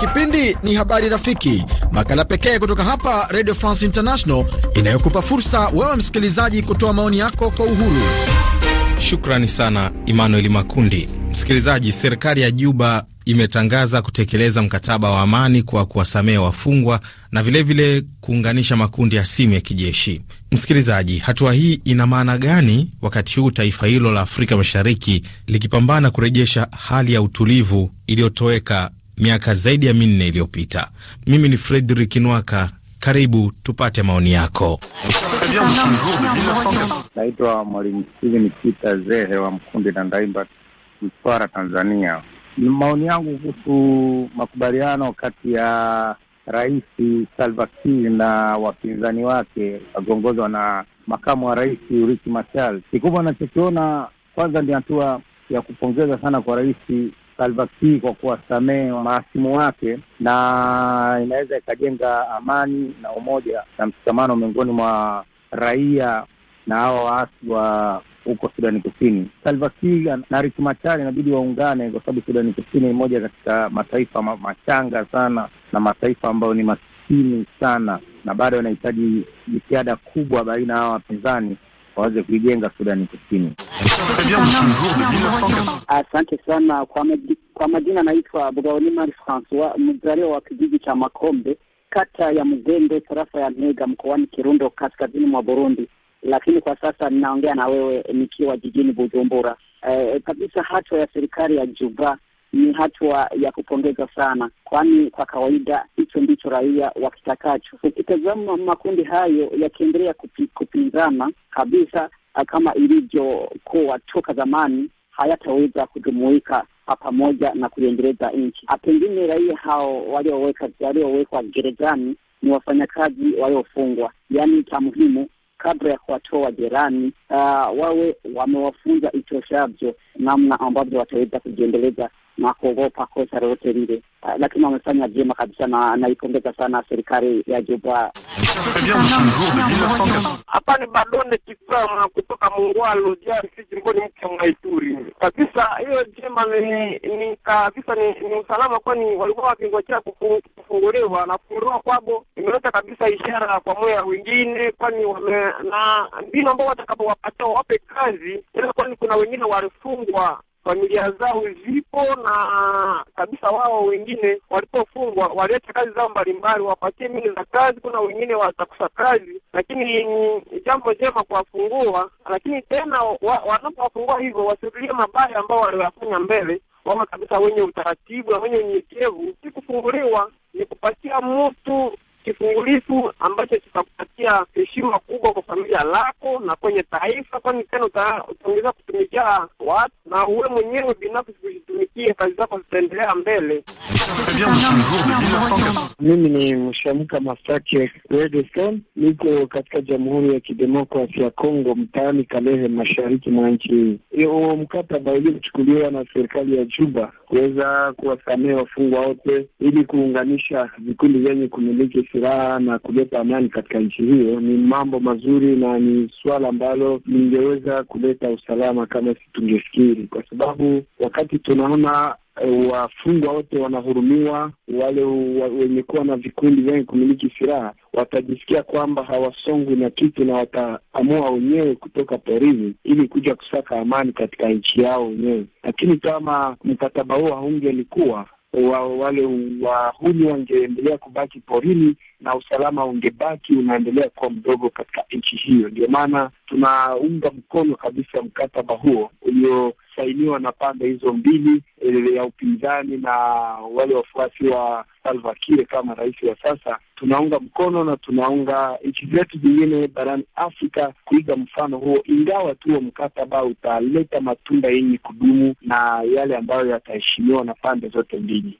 Kipindi ni Habari Rafiki, makala pekee kutoka hapa Radio France International inayokupa fursa wewe msikilizaji kutoa maoni yako kwa uhuru. Shukrani sana Emmanuel Makundi. Msikilizaji, serikali ya Juba imetangaza kutekeleza mkataba wa amani kwa kuwasamehe wafungwa na vilevile kuunganisha makundi ya simu ya kijeshi. Msikilizaji, hatua hii ina maana gani wakati huu taifa hilo la Afrika Mashariki likipambana kurejesha hali ya utulivu iliyotoweka miaka zaidi ya minne iliyopita? Mimi ni Fredrik Nwaka. Karibu tupate maoni yako. Naitwa Mwalimu Steven Kita Zehe wa Mkundi na Ndaimba, Mtwara, Tanzania. Maoni yangu kuhusu makubaliano kati ya Rais Salva Kiir na wapinzani wake wakiongozwa na makamu wa rais Riek Machar, kikubwa anachokiona kwanza ni hatua ya kupongeza sana kwa Rais Salva Kiir kwa kuwasamehe mahasimu wake, na inaweza ikajenga amani na umoja na mshikamano miongoni mwa raia na hawa waasi wa huko Sudani Kusini. Salva Kiir na Riek Machar inabidi waungane, kwa sababu Sudani Kusini ni moja katika mataifa machanga sana na mataifa ambayo ni maskini sana, na bado wanahitaji jitihada kubwa baina ya wapinzani waweze kuijenga Sudani Kusini. Asante sana kwa, kwa majina anaitwa Bugaonimari Francois, mzaria wa kijiji cha Makombe, kata ya Mzembe, tarafa ya Nega, mkoani Kirundo, kaskazini mwa Burundi lakini kwa sasa ninaongea na wewe nikiwa jijini Bujumbura. E, kabisa hatua ya serikali ya Juba ni hatua ya kupongeza sana, kwani kwa kawaida hicho ndicho raia wakitakacho. Ukitazama makundi hayo yakiendelea kupi, kupinzana kabisa eh, kama ilivyokuwa toka zamani, hayataweza kujumuika pamoja na kuiendeleza nchi. Ah, pengine raia hao waliowekwa gerezani ni wafanyakazi waliofungwa, yaani cha muhimu kabla ya kuwatoa jirani, uh, wawe wamewafunza itoshavyo namna ambavyo wataweza kujiendeleza na kuogopa kosa lolote lile, ah, lakini wamefanya vyema kabisa, na naipongeza sana serikali ya Juba. Hapa ni Badone Kisama kutoka Mungwalu DRC, jimboni mpya mwa Ituri. Kabisa hiyo jema ni, ni kabisa ni, ni usalama, kwani walikuwa wakingojea kufunguliwa na kufunguliwa kwabo imeleta kabisa ishara kwa moya wengine, kwani wame na mbinu ambao watakapowapatia wape kazi, ila kwani kuna wengine walifungwa familia zao zipo na kabisa, wao wengine walipofungwa waliacha kazi zao mbalimbali, wapatie mili za kazi. Kuna wengine watakosa kazi, lakini ni jambo jema kuwafungua, lakini tena wanapowafungua hivyo wasirudilie mabaya ambao waliwafanya mbele. Wama kabisa wenye utaratibu na wenye unyenyekevu, si kufunguliwa ni kupatia mtu kifungulifu ambacho kitakupatia heshima kubwa kwa familia lako na kwenye taifa, kwani tena utaongeza kutumikia watu na uwe mwenyewe binafsi kazi zako zitaendelea mbele. Mimi ni Mshamka Masake Redson, niko katika Jamhuri ya Kidemokrasi ya Kongo, mtaani Kalehe, mashariki mwa nchi hii. Hiyo mkataba uliochukuliwa na serikali ya Juba kuweza kuwasamehe wafungwa wote ili kuunganisha vikundi vyenye kumiliki silaha na kuleta amani katika nchi hiyo ni mambo mazuri na ni suala ambalo lingeweza kuleta usalama kama situngefikiri, kwa sababu wakati tuna naona eh, wafungwa wote wanahurumiwa, wale wenye kuwa na vikundi vyenye kumiliki silaha watajisikia kwamba hawasongwi na kitu na wataamua wenyewe kutoka porini ili kuja kusaka amani katika nchi yao wenyewe. Lakini kama mkataba huo haungelikuwa wa, wale wahuni wangeendelea kubaki porini na usalama ungebaki unaendelea kuwa mdogo katika nchi hiyo. Ndio maana tunaunga mkono kabisa mkataba huo uliosainiwa na pande hizo mbili eh, ya upinzani na wale wafuasi wa Salva Kiir kama rais wa sasa. Tunaunga mkono na tunaunga nchi zetu zingine barani Afrika kuiga mfano huo, ingawa tu mkataba utaleta matunda yenye kudumu na yale ambayo yataheshimiwa na pande zote mbili.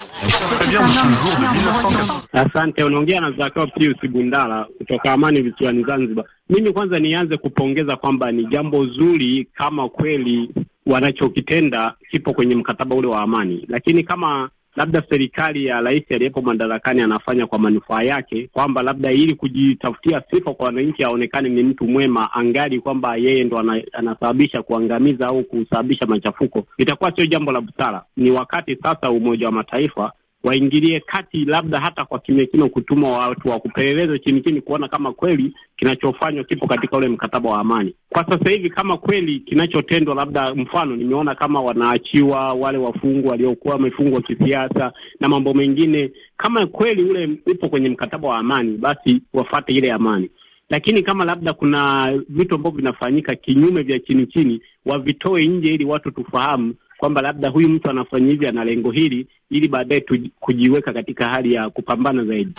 Asante. Unaongea na Zakayo Pius Gundala kutoka Amani visiwani Zanzibar. Mimi kwanza nianze kupongeza kwamba ni jambo zuri kama kweli wanachokitenda kipo kwenye mkataba ule wa amani, lakini kama labda serikali ya rais aliyepo madarakani anafanya kwa manufaa yake, kwamba labda ili kujitafutia sifa kwa wananchi, aonekane ni mtu mwema, angali kwamba yeye ndo anasababisha kuangamiza au kusababisha machafuko, itakuwa sio jambo la busara. Ni wakati sasa Umoja wa Mataifa waingilie kati, labda hata kwa kimya kimya, kutuma watu wa kupeleleza chini chini, kuona kama kweli kinachofanywa kipo katika ule mkataba wa amani. Kwa sasa hivi, kama kweli kinachotendwa, labda mfano, nimeona kama wanaachiwa wale wafungwa waliokuwa wamefungwa kisiasa na mambo mengine, kama kweli ule upo kwenye mkataba wa amani, basi wafate ile amani lakini kama labda kuna vitu ambavyo vinafanyika kinyume vya chini chini, wavitoe nje ili watu tufahamu kwamba labda huyu mtu anafanya hivi ana lengo hili, ili baadaye kujiweka katika hali ya kupambana zaidi.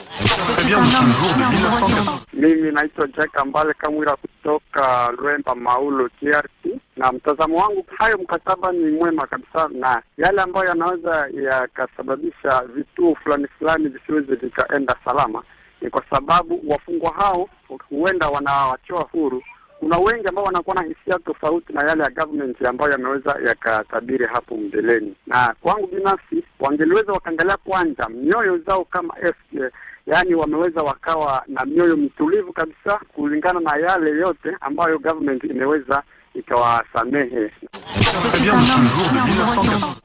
Mimi naitwa Jack Ambale Kamwira kutoka Lwemba maulo DRC, na mtazamo wangu hayo mkataba ni mwema kabisa, na yale ambayo yanaweza yakasababisha vituo fulani fulani visiweze vikaenda salama ni kwa sababu wafungwa hao huenda wanawachoa huru kuna wengi ambao wanakuwa na hisia tofauti na yale ya government ambayo yameweza yakatabiri hapo mbeleni, na kwangu binafsi wangeliweza wakaangalia kwanza mioyo zao kama FK, eh, yaani wameweza wakawa na mioyo mitulivu kabisa kulingana na yale yote ambayo government imeweza ikawasamehe.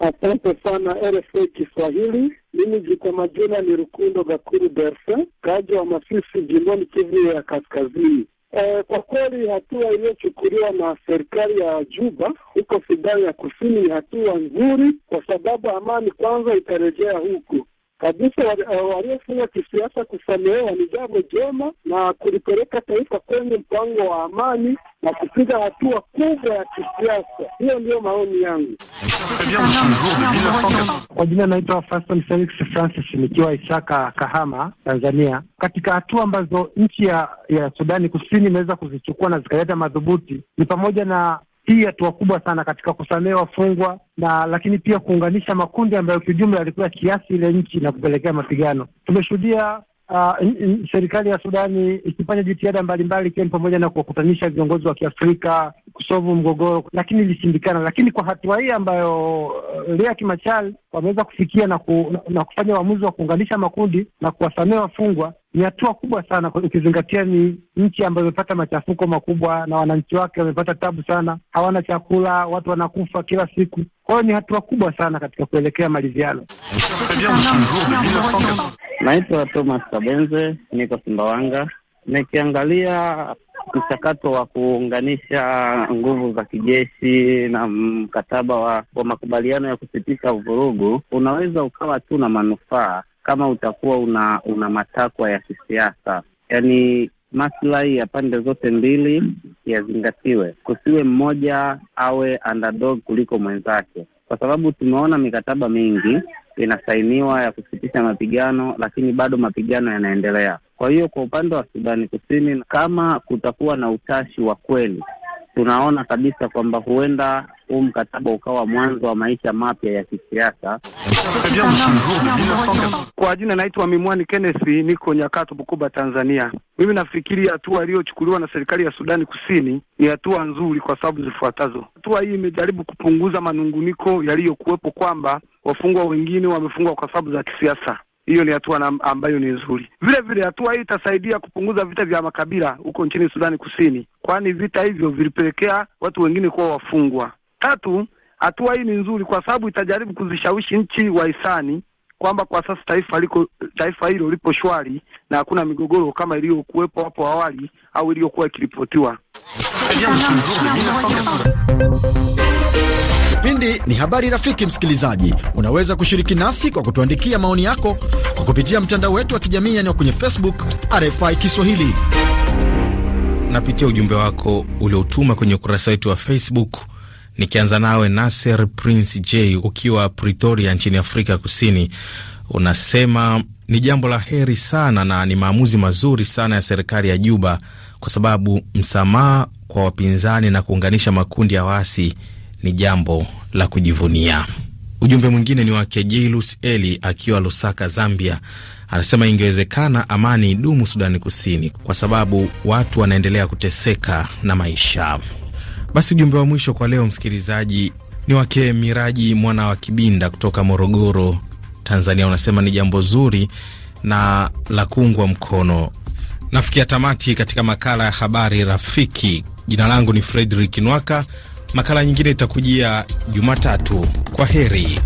Asante sana RFA Kiswahili. Mimi jikwa majina ni Rukundo Gakuru Berse, kaja wa Masisi, jimboni Kivu ya Kaskazini. E, kwa kweli hatua iliyochukuliwa na serikali ya Juba huko Sudani ya Kusini ni hatua nzuri, kwa sababu amani kwanza itarejea huku kabisa eh, waliofungwa kisiasa kusamehewa ni jambo jema na kulipeleka taifa kwenye mpango wa amani na kupiga hatua kubwa ya kisiasa. Hiyo ndiyo maoni yangu. Kwa jina naitwa Faston Felix Francis, nikiwa Isaka, Kahama, Tanzania. Katika hatua ambazo nchi ya ya Sudani Kusini imeweza kuzichukua na zikaleta madhubuti ni pamoja na hii hatua kubwa sana katika kusamehe wafungwa na lakini pia kuunganisha makundi ambayo kijumla yalikuwa kiasi ile nchi na kupelekea mapigano. Tumeshuhudia uh, serikali ya Sudani ikifanya jitihada mbalimbali ikiwa ni pamoja na kuwakutanisha viongozi wa Kiafrika kusovu mgogoro, lakini ilishindikana. Lakini kwa hatua hii ambayo uh, Riek Machar wameweza kufikia na, ku, na, na kufanya uamuzi wa kuunganisha makundi na kuwasamehe wafungwa ni hatua kubwa sana, ukizingatia ni nchi ambayo imepata machafuko makubwa na wananchi wake wamepata tabu sana, hawana chakula, watu wanakufa kila siku. Kwa hiyo ni hatua kubwa sana katika kuelekea maridhiano. Naitwa Thomas Kabenze, niko Sumbawanga. Nikiangalia mchakato wa kuunganisha nguvu za kijeshi na mkataba wa, wa makubaliano ya kusitisha vurugu unaweza ukawa tu na manufaa kama utakuwa una una matakwa ya kisiasa, yaani maslahi ya pande zote mbili yazingatiwe, kusiwe mmoja awe underdog kuliko mwenzake, kwa sababu tumeona mikataba mingi inasainiwa ya kusitisha mapigano, lakini bado mapigano yanaendelea. Kwa hiyo kwa upande wa Sudani Kusini, kama kutakuwa na utashi wa kweli, tunaona kabisa kwamba huenda huu mkataba ukawa mwanzo wa maisha mapya ya kisiasa. Kwa jina naitwa Mimwani Kenneth, niko Nyakato, Bukoba, Tanzania. Mimi nafikiri hatua iliyochukuliwa na serikali ya Sudani Kusini ni hatua nzuri kwa sababu zifuatazo. Hatua hii imejaribu kupunguza manunguniko yaliyokuwepo kwamba wafungwa wengine wamefungwa kwa sababu za kisiasa. Hiyo ni hatua ambayo ni nzuri. Vile vile hatua hii itasaidia kupunguza vita vya makabila huko nchini Sudani Kusini, kwani vita hivyo vilipelekea watu wengine kuwa wafungwa. Tatu, hatua hii ni nzuri kwa sababu itajaribu kuzishawishi nchi wahisani kwamba kwa sasa taifa liko taifa hilo lipo shwari na hakuna migogoro kama iliyokuwepo hapo awali au iliyokuwa ikiripotiwa. Kipindi ni habari rafiki. Msikilizaji, unaweza kushiriki nasi kwa kutuandikia maoni yako kwa kupitia mtandao wetu wa kijamii yani kwenye Facebook RFI Kiswahili. Napitia ujumbe wako uliotuma kwenye ukurasa wetu wa Facebook Nikianza nawe Nasser Prince J, ukiwa Pretoria nchini Afrika Kusini, unasema ni jambo la heri sana na ni maamuzi mazuri sana ya serikali ya Juba kwa sababu msamaha kwa wapinzani na kuunganisha makundi ya waasi ni jambo la kujivunia. Ujumbe mwingine ni wake jilus Eli akiwa Lusaka, Zambia, anasema ingewezekana amani idumu Sudani Kusini kwa sababu watu wanaendelea kuteseka na maisha basi ujumbe wa mwisho kwa leo, msikilizaji, ni wake Miraji mwana wa Kibinda kutoka Morogoro, Tanzania. Unasema ni jambo zuri na la kuungwa mkono. Nafikia tamati katika makala ya habari rafiki. Jina langu ni Fredrik Nwaka. Makala nyingine itakujia Jumatatu. Kwa heri.